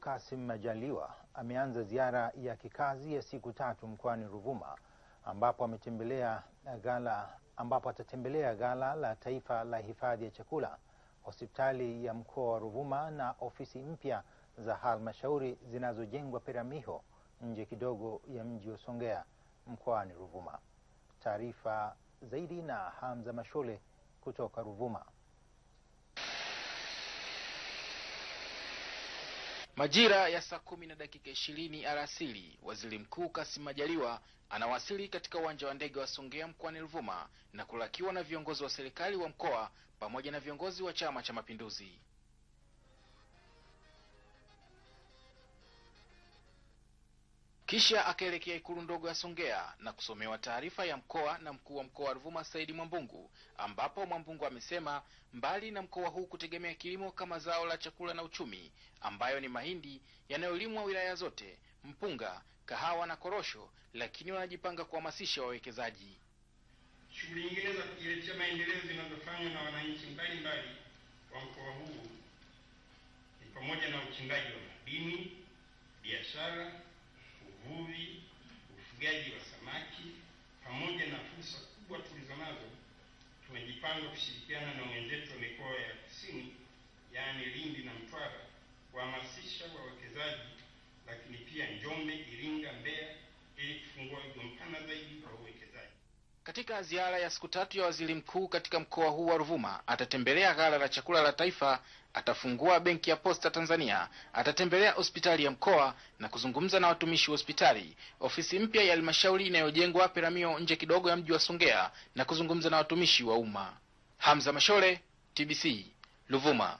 Kasim Majaliwa ameanza ziara ya kikazi ya siku tatu mkoani Ruvuma ambapo ametembelea ghala ambapo atatembelea ghala la taifa la hifadhi ya chakula, hospitali ya mkoa wa Ruvuma na ofisi mpya za halmashauri zinazojengwa Peramiho, nje kidogo ya mji wa Songea mkoani Ruvuma. Taarifa zaidi na Hamza Mashule kutoka Ruvuma. Majira ya saa kumi na dakika ishirini alasiri, waziri mkuu Kassim Majaliwa anawasili katika uwanja wa ndege wa Songea mkoani Ruvuma na kulakiwa na viongozi wa serikali wa mkoa pamoja na viongozi wa Chama cha Mapinduzi. Kisha akaelekea ikulu ndogo ya Songea na kusomewa taarifa ya mkoa na mkuu wa mkoa wa Ruvuma Saidi Mwambungu, ambapo Mwambungu amesema mbali na mkoa huu kutegemea kilimo kama zao la chakula na uchumi, ambayo ni mahindi yanayolimwa wilaya zote, mpunga, kahawa na korosho, lakini wanajipanga kuhamasisha wawekezaji. Shughuli nyingine za kujiletea maendeleo zinazofanywa na wananchi mbalimbali wa mkoa huu ni pamoja na uchimbaji wa madini, biashara tumejipanga kushirikiana na wenzetu wa mikoa ya kusini, yaani Lindi na Mtwara Katika ziara ya siku tatu ya waziri mkuu katika mkoa huu wa Ruvuma, atatembelea ghala la chakula la taifa, atafungua benki ya posta Tanzania, atatembelea hospitali ya mkoa na kuzungumza na watumishi wa hospitali, ofisi mpya ya halmashauri inayojengwa Peramio, nje kidogo ya mji wa Songea, na kuzungumza na watumishi wa umma. Hamza Mashole, TBC, Ruvuma.